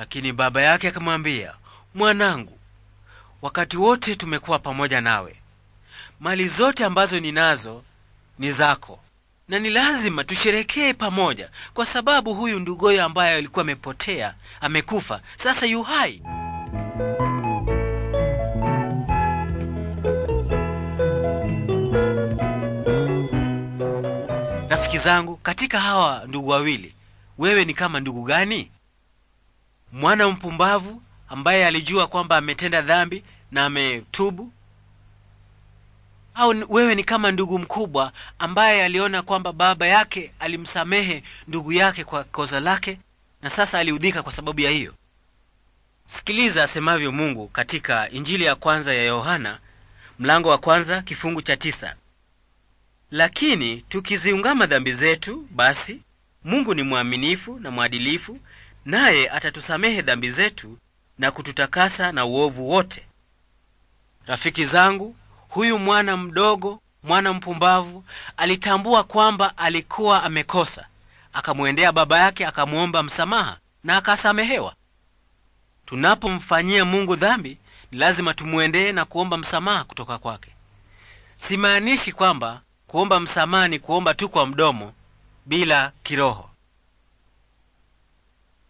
Lakini baba yake akamwambia, mwanangu, wakati wote tumekuwa pamoja nawe, mali zote ambazo ninazo ni zako, na ni lazima tusherekee pamoja, kwa sababu huyu ndugoyo ambaye alikuwa amepotea, amekufa, sasa yu hai. Rafiki zangu, katika hawa ndugu wawili, wewe ni kama ndugu gani? mwana mpumbavu ambaye alijua kwamba ametenda dhambi na ametubu? Au wewe ni kama ndugu mkubwa ambaye aliona kwamba baba yake alimsamehe ndugu yake kwa kosa lake na sasa aliudhika kwa sababu ya hiyo? Sikiliza asemavyo Mungu katika Injili ya kwanza ya Yohana mlango wa kwanza kifungu cha tisa. Lakini tukiziungama dhambi zetu, basi Mungu ni mwaminifu na mwadilifu naye atatusamehe dhambi zetu na kututakasa na uovu wote. Rafiki zangu, huyu mwana mdogo, mwana mpumbavu, alitambua kwamba alikuwa amekosa, akamwendea baba yake akamwomba msamaha na akasamehewa. Tunapomfanyia Mungu dhambi, ni lazima tumwendee na kuomba msamaha kutoka kwake. Simaanishi kwamba kuomba msamaha ni kuomba tu kwa mdomo bila kiroho.